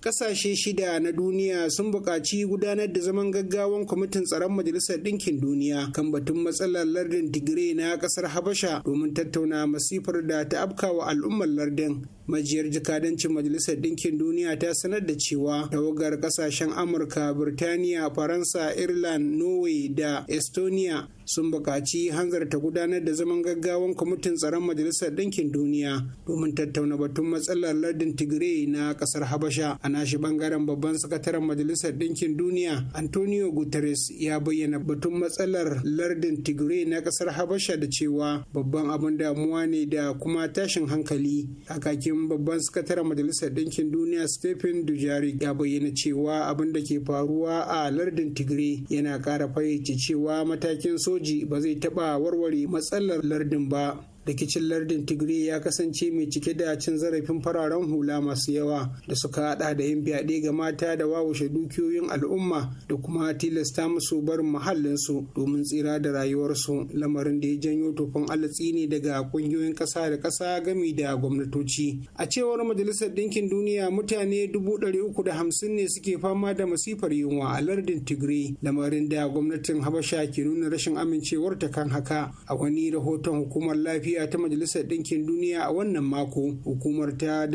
kasashe shida na duniya sun buƙaci gudanar da zaman gaggawan kwamitin tsaron majalisar ɗinkin duniya kan batun matsalar lardin tigire na ƙasar habasha domin tattauna masifar da ta afkawa al'ummar lardin majiyar jikadancin majalisar ɗinkin duniya ta sanar da cewa tawagar ƙasashen amurka birtaniya faransa irland norway da estonia sun buƙaci hanzarta gudanar da zaman gaggawan kwamitin tsaron majalisar ɗinkin duniya domin tattauna batun matsalar lardin tigray na ƙasar habasha a nashi bangaren babban sakataren majalisar ɗinkin duniya antonio guterres ya bayyana batun matsalar lardin tigray na ƙasar habasha da cewa babban abin damuwa ne da kuma tashin hankali kakakin ofishin babban sakataren majalisar ɗinkin duniya stephen dujari ya bayyana cewa abin da ke faruwa a lardin tigray yana ƙara fayyace cewa matakin soji ba zai taɓa warware matsalar lardin ba rikicin lardin tigray ya kasance mai cike da cin zarafin fararen hula masu yawa da suka hada da yin fyaɗe ga mata da wawashe dukiyoyin al'umma da kuma tilasta musu barin mahallinsu domin tsira da rayuwarsu lamarin da ya janyo tofin alatsi ne daga ƙungiyoyin ƙasa da ƙasa gami da gwamnatoci a cewar majalisar ɗinkin duniya mutane dubu ɗari uku da hamsin ne suke fama da masifar yunwa a lardin tigray lamarin da gwamnatin habasha ke nuna rashin amincewar ta kan haka a wani rahoton hukumar lafiya lafiya ta majalisar ɗinkin duniya a wannan mako hukumar ta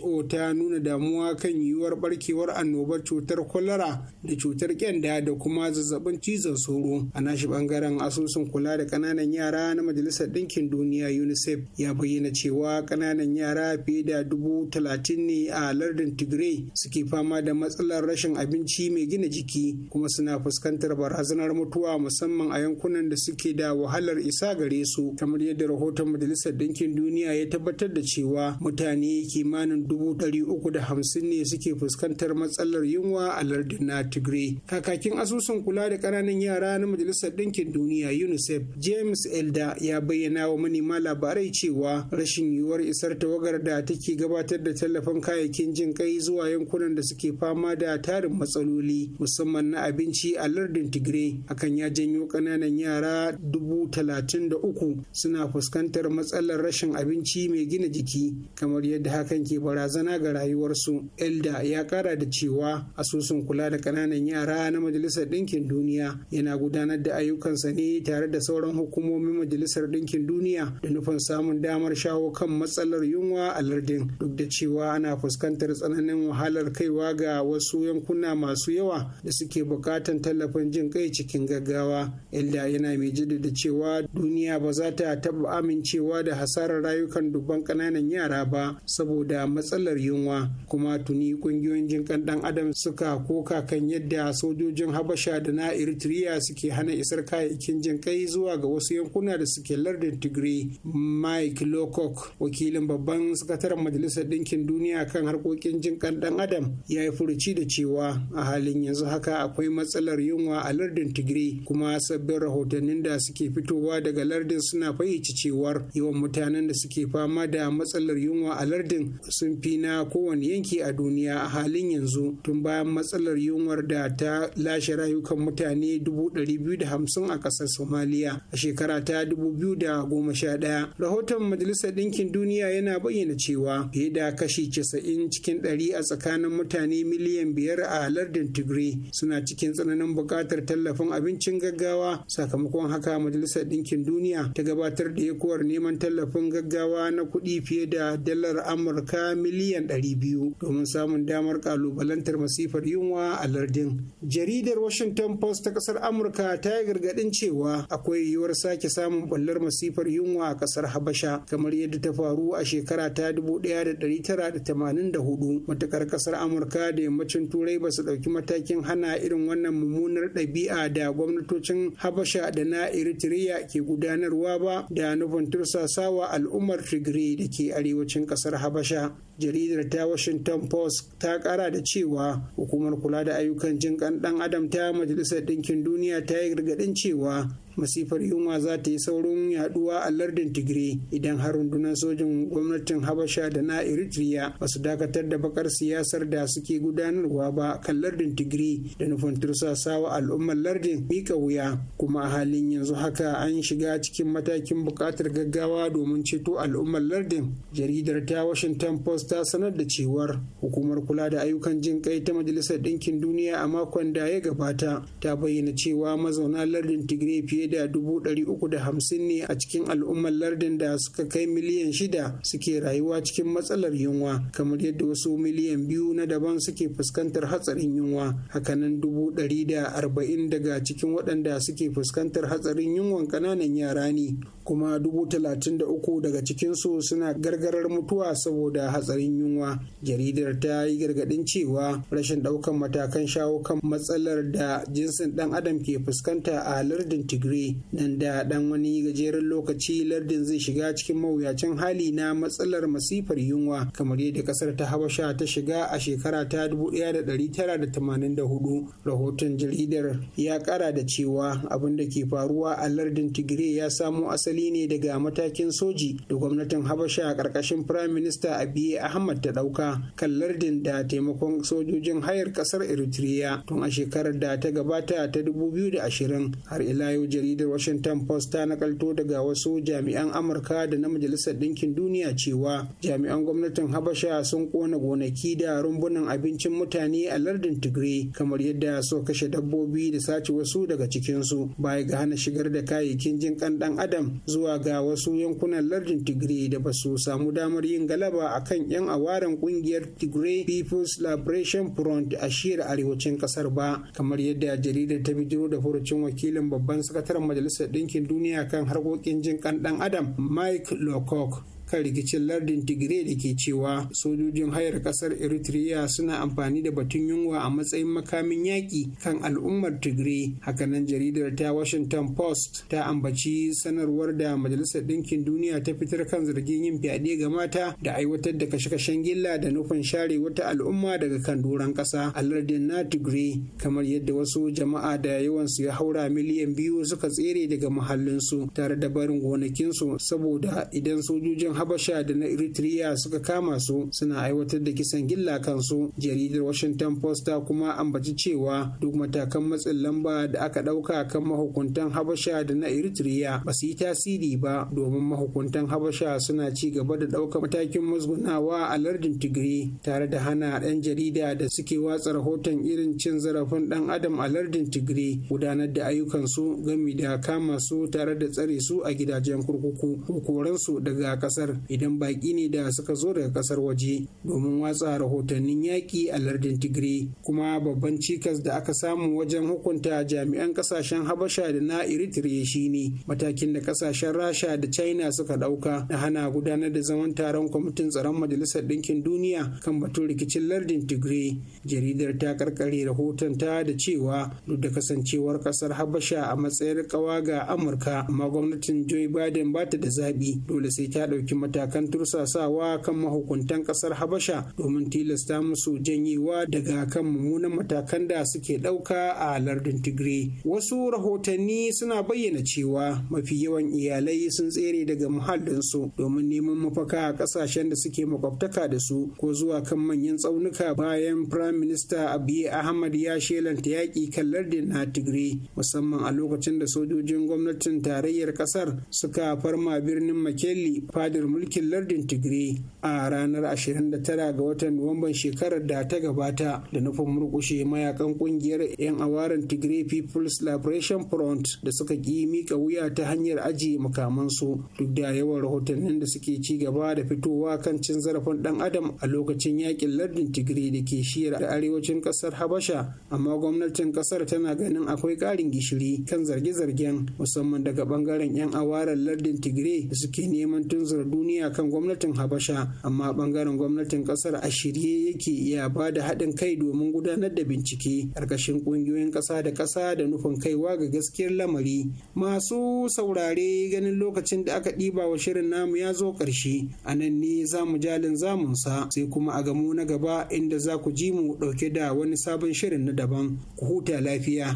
who ta nuna damuwa kan yiwuwar barkewar annobar cutar kwalara da cutar kyanda da kuma zazzabin cizon sauro a nashi bangaren asusun kula da ƙananan yara na majalisar ɗinkin duniya unicef ya bayyana cewa ƙananan yara fiye da dubu talatin ne a lardin tigray suke fama da matsalar rashin abinci mai gina jiki kuma suna fuskantar barazanar mutuwa musamman a yankunan da suke da wahalar isa gare su kamar yadda rahoton majalisar Dinkin duniya ya tabbatar da cewa mutane kimanin dubu ɗari uku da hamsin ne suke fuskantar matsalar yunwa a lardin na tigray kakakin asusun kula da ƙananan yara na majalisar Dinkin duniya unicef james elda ya bayyana wa manema labarai cewa rashin yiwuwar isar tawagar da take gabatar da tallafin kayayyakin jin kai zuwa yankunan da suke fama da tarin matsaloli musamman na abinci a lardin tigray akan ya janyo ƙananan yara dubu talatin da uku suna fuskantar matsalar rashin abinci mai gina jiki kamar yadda hakan ke barazana ga rayuwarsu elda ya kara da cewa asusun kula da kananan yara na majalisar ɗinkin duniya yana gudanar da ayyukansa ne tare da sauran hukumomin majalisar ɗinkin duniya da nufin samun damar shawo kan matsalar yunwa a lardin duk da cewa ana fuskantar tsananin wahalar kaiwa ga wasu yankuna masu yawa da suke bukatan tallafin jin kai cikin gaggawa elda yana mai jaddada cewa duniya ba za ta taɓa amincewa da hasarar rayukan dubban ƙananan yara ba saboda matsalar yunwa kuma tuni ƙungiyoyin jinƙan ɗan adam suka koka kan yadda sojojin habasha da na eritrea suke hana isar kayayyakin kai zuwa ga wasu yankuna da suke lardin tigray mike lowcock wakilin babban sakataren majalisar ɗinkin duniya kan harkokin jinƙan ɗan adam ya yi furuci da cewa a halin yanzu haka akwai matsalar yunwa a lardin tigray kuma sabbin rahotannin da suke fitowa daga lardin suna fayyace cewar yawan mutanen da suke fama da matsalar yunwa a lardin sun fi na kowane yanki a duniya a halin yanzu tun bayan matsalar yunwar da ta lashe rayukan mutane 250 a ƙasar somaliya a shekara ta 2011 rahoton majalisar ɗinkin duniya yana bayyana cewa fiye da kashi 90 cikin 100 a tsakanin mutane miliyan biyar a lardin tigray suna cikin tsananin buƙatar tallafin abincin gaggawa sakamakon haka majalisar ɗinkin duniya ta gabatar da yekuwar neman tallafin gaggawa na kuɗi fiye da dalar amurka miliyan 200 domin samun damar kalubalantar masifar yunwa a lardin jaridar washington post ta ƙasar amurka ta yi gargaɗin cewa akwai yiwuwar sake samun ɓallar masifar yunwa a kasar habasha kamar yadda ta faru a shekara ta 1984 matakar ƙasar amurka da yammacin turai ba su ɗauki matakin hana irin wannan mummunar ɗabi'a da gwamnatocin habasha da na eritrea ke gudanarwa ba da nufin tursasawa al'ummar tigray da ke arewacin kasar habasha jaridar ta washington post ta kara da cewa hukumar kula da ayyukan jin kan dan adam ta majalisar ɗinkin duniya ta yi gargaɗin cewa masifar yunwa za ta yi saurin yaduwa a lardin tigray idan har rundunar sojin gwamnatin habasha da na eritrea ba su dakatar da bakar siyasar da suke gudanarwa ba kan lardin tigray da nufin tursasawa al'ummar lardin mika wuya kuma a halin yanzu haka an shiga cikin matakin buƙatar gaggawa domin ceto al'ummar lardin jaridar ta washington post ta sanar da cewar hukumar kula da ayyukan jin kai ta majalisar ɗinkin duniya a makon da ya gabata ta bayyana cewa mazauna lardin tigray fiye da dubu ɗari uku da hamsin ne a cikin al'ummar lardin da suka kai miliyan shida suke rayuwa cikin matsalar yunwa kamar yadda wasu miliyan biyu na daban suke fuskantar hatsarin yunwa hakanan dubu ɗari da arba'in daga cikin waɗanda suke fuskantar hatsarin yunwan ƙananan yara ne kuma dubu talatin da uku daga cikinsu suna gargarar mutuwa saboda hatsarin yunwa jaridar ta yi gargadin cewa rashin daukan matakan shawo kan matsalar da jinsin dan adam ke fuskanta a lardin tigray nan da dan wani gajeren lokaci lardin zai shiga cikin mawuyacin hali na matsalar masifar yunwa kamar yadda kasar ta habasha ta shiga a shekara ta 1984 rahoton jaridar ya kara da cewa abin da ke faruwa a lardin tigray ya samo asali asali ne daga matakin soji da gwamnatin habasha a ƙarƙashin firayim minista abiy ahmad ta ɗauka kan lardin da taimakon sojojin hayar ƙasar eritrea tun a shekarar da ta gabata ta 2020 har ila yau jaridar washington post ta nakalto daga wasu jami'an amurka da na majalisar ɗinkin duniya cewa jami'an gwamnatin habasha sun kona gonaki da rumbunan abincin mutane a lardin tigray kamar yadda so kashe dabbobi da sace wasu daga cikinsu baya ga hana shigar da kayayyakin jin kan ɗan adam zuwa ga wasu yankunan lardin tigray da ba su samu damar yin galaba a kan 'yan awaren kungiyar tigray people's liberation front a shiyar arewacin kasar ba kamar yadda jaridar ta bijiro da furucin wakilin babban sakataren majalisar ɗinkin duniya kan harkokin jin kan ɗan adam mike lowcock kan rikicin lardin tigray da ke cewa sojojin hayar kasar eritrea suna amfani da batun yunwa a matsayin makamin yaƙi kan al'ummar tigray hakanan jaridar ta washington post ta ambaci sanarwar da majalisar ɗinkin duniya ta fitar kan zargin yin fyaɗe ga mata da aiwatar da kashe-kashen gilla da nufin share wata al'umma daga kan doron ƙasa a lardin na tigray kamar yadda wasu jama'a da yawan su ya haura miliyan biyu suka tsere daga muhallinsu, tare da barin gonakinsu saboda idan sojojin habasha da na eritrea suka kama su suna aiwatar da kisan gilla kansu jaridar washington post ta kuma ambaci cewa duk matakan matsin lamba da aka ɗauka kan mahukuntan habasha da na eritrea ba su yi tasiri ba domin mahukuntan habasha suna ci gaba da ɗaukar matakin musgunawa a lardin Tigray tare da hana ɗan jarida da suke watsa rahoton irin cin zarafin ɗan adam a lardin Tigray gudanar da ayyukansu gami da kama su tare da tsare su a gidajen kurkuku ko koransu daga ƙasar kasar idan baƙi ne da suka zo daga kasar waje domin watsa rahotannin yaƙi a lardin tigray kuma babban cikas da aka samu wajen hukunta jami'an kasashen habasha da na eritrea shine matakin da kasashen rasha da china suka ɗauka na hana gudanar da zaman taron kwamitin tsaron majalisar ɗinkin duniya kan batun rikicin lardin tigray jaridar ta karkare rahoton ta da cewa duk da kasancewar kasar habasha a matsayin kawa ga amurka amma gwamnatin joe biden bata da zaɓi dole sai ta ɗauki matakan tursasawa kan mahukuntan kasar habasha domin tilasta musu janyewa daga kan mummunan matakan da suke ɗauka a lardin tigray wasu rahotanni suna bayyana cewa mafi yawan iyalai sun tsere daga muhallinsu domin neman mafaka a ƙasashen da suke makwabtaka da su ko zuwa kan manyan tsaunuka bayan firayim minista abiy ahmad ya shelanta yaƙi kan lardin na tigray musamman a lokacin da sojojin gwamnatin tarayyar ƙasar suka farma birnin makelli fadar mulkin lardin tigray a ranar 29 ga watan nuwamban shekarar da ta gabata da nufin murkushe mayakan kungiyar 'yan awaren tigray people's liberation front da suka ki mika wuya ta hanyar ajiye makamansu duk da yawan rahotannin da suke ci gaba da fitowa kan cin zarafin dan adam a lokacin yakin lardin tigray da ke shiyar da arewacin kasar habasha amma gwamnatin kasar tana ganin akwai karin gishiri kan zarge-zargen musamman daga bangaren 'yan awaren lardin tigray da suke neman tunzar duniya kan gwamnatin habasha amma bangaren gwamnatin kasar a shirye yake iya ba da haɗin kai domin gudanar da bincike ƙarƙashin ƙungiyoyin ƙasa da ƙasa da nufin kaiwa ga gaskiyar lamari masu saurare ganin lokacin da aka ɗiba wa shirin namu ya zo ƙarshe a nan ne za mu jalin sa sai kuma a gamu na gaba inda za ku ji mu ɗauke da wani sabon shirin na daban ku huta lafiya.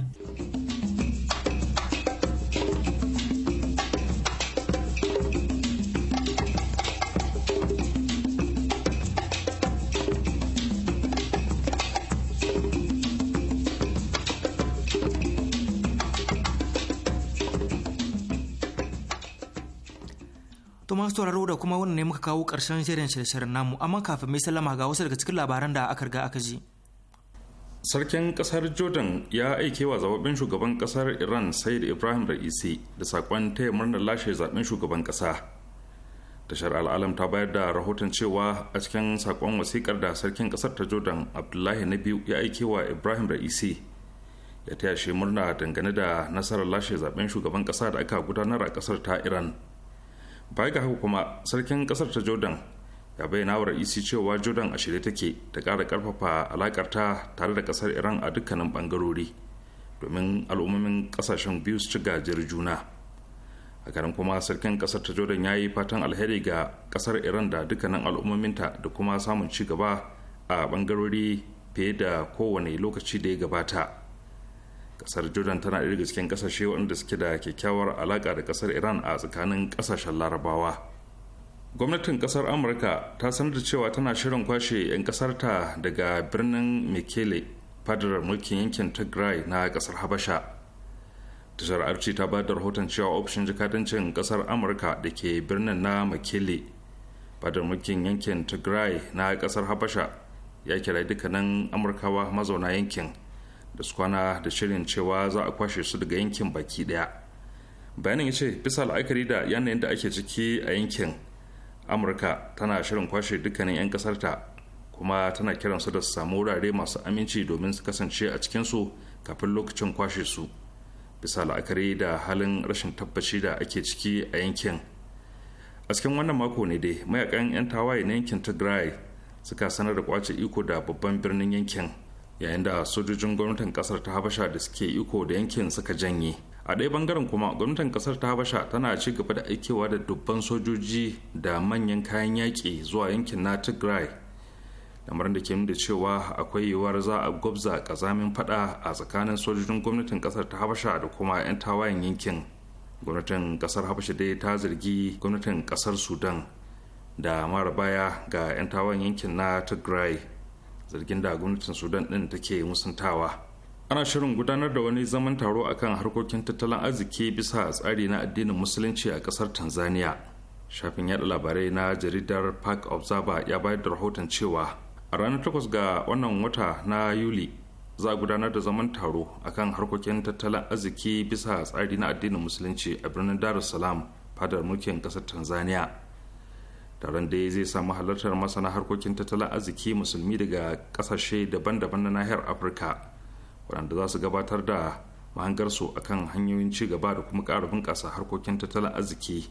masu sauraro da kuma wannan ne muka kawo ƙarshen shirin shirye namu amma kafin mai sallama ga wasu daga cikin labaran da aka riga aka ji. Sarkin kasar Jordan ya aike wa zababin shugaban kasar Iran Said Ibrahim Ra'isi da saƙon yi murnar lashe zaben shugaban kasa Tashar al'alam ta bayar da rahoton cewa a cikin saƙon wasikar da sarkin kasar ta Jordan Abdullahi na biyu ya aike wa Ibrahim Ra'isi ya taya shi murna dangane da nasarar lashe zaben shugaban kasa da aka gudanar a kasar ta Iran. baya ga haka kuma sarkin kasar ta jordan ya bayyana wa isi cewa jordan a shirye take da ƙara karfafa alakarta tare da kasar iran a dukkanin bangarori domin al'ummomin ƙasashen biyu su ci gajiyar juna a garin kuma sarkin kasar ta jordan ya yi fatan alheri ga kasar iran da dukkanin al'ummominta da kuma samun ci gaba a bangarori fiye da kowane lokaci da ya gabata kasar jordan tana ɗaya daga cikin kasashe waɗanda suke da kyakkyawar alaƙa da kasar iran a tsakanin ƙasashen larabawa gwamnatin ƙasar amurka ta sanar da cewa tana shirin kwashe 'yan ƙasarta daga birnin mekele fadar mulkin yankin tigray na kasar habasha tashar arci ta ba da rahoton cewa ofishin jikadancin kasar amurka da ke birnin na mekele fadar mulkin yankin tigray na kasar habasha ya kira dukkanin amurkawa mazauna yankin da su kwana da shirin cewa za a kwashe su daga yankin baki daya bayanin ya ce bisa la'akari da yanayin da ake ciki a yankin amurka tana shirin kwashe dukkanin 'yan kasarta kuma tana kiran su da su samu wurare masu aminci domin su kasance a cikin su kafin lokacin kwashe su bisa la'akari da halin rashin tabbaci da ake ciki a yankin a cikin wannan mako ne dai mayakan 'yan tawaye na yankin tigray suka sanar da kwace iko da babban birnin yankin yayin da sojojin gwamnatin kasar ta habasha da suke iko da yankin suka janye a ɗaya bangaren kuma gwamnatin kasar ta habasha tana ci gaba da aikewa da dubban sojoji da manyan kayan yaƙi zuwa yankin na tigray lamarin da ke nuna cewa akwai yiwuwar za a gwabza kazamin fada a tsakanin sojojin gwamnatin kasar ta habasha da kuma 'yan tawayen yankin gwamnatin kasar habasha dai ta zargi gwamnatin kasar sudan da mara baya ga 'yan tawayen yankin na tigray zargin da gwamnatin sudan ɗin take musantawa ana shirin gudanar da wani zaman taro akan harkokin tattalin arziki bisa tsari na addinin musulunci a ƙasar tanzania shafin yada labarai na jaridar park observer ya bayar da rahoton cewa a ranar takwas ga wannan wata na yuli za a gudanar da zaman taro akan harkokin tattalin arziki bisa tsari na addinin musulunci a birnin dar es salaam fadar mulkin ƙasar tanzania taron da zai samu halartar masana harkokin tattalin arziki musulmi daga kasashe daban-daban na nahiyar afirka waɗanda za su gabatar da mahangarsu kan hanyoyin ci gaba da kuma ƙara bunƙasa harkokin tattalin arziki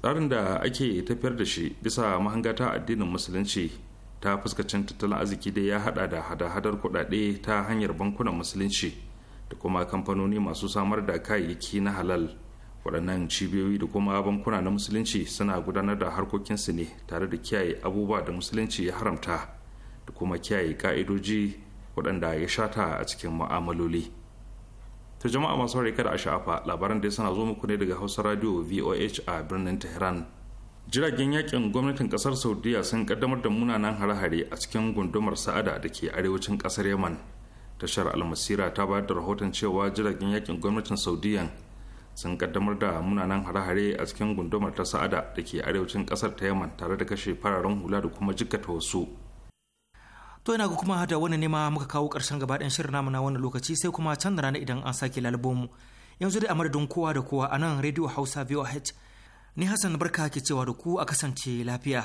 tsarin da ake tafiyar da shi bisa mahangata addinin musulunci ta fuskacin tattalin arziki da ya hada da hada-hadar kuɗaɗe ta hanyar bankunan musulunci da kuma kamfanoni masu samar da kayayyaki na halal waɗannan cibiyoyi da kuma bankuna na musulunci suna gudanar da harkokinsu ne tare da kiyaye abubuwa da musulunci ya haramta da kuma kiyaye ka'idoji waɗanda ya shata a cikin ma'amaloli ta jama'a masu rika da sha'afa labaran da suna zo muku ne daga hausa radio voh a birnin tehran jiragen yakin gwamnatin kasar saudiya sun kaddamar da munanan hare-hare a cikin gundumar sa'ada da ke arewacin kasar yaman tashar almasira ta bayar da rahoton cewa jiragen yakin gwamnatin saudiyan sun kaddamar da munanan hare-hare a cikin gundumar ta sa'ada da ke arewacin kasar ta yaman tare da kashe fararen hula da kuma jikkata wasu to ina ga kuma da wani nema muka kawo karshen gaba ɗayan shirin namu na wannan lokaci sai kuma can da rana idan an sake lalubo yanzu dai a madadin kowa da kowa a nan radio hausa voh ni hassan barka ke cewa da ku a kasance lafiya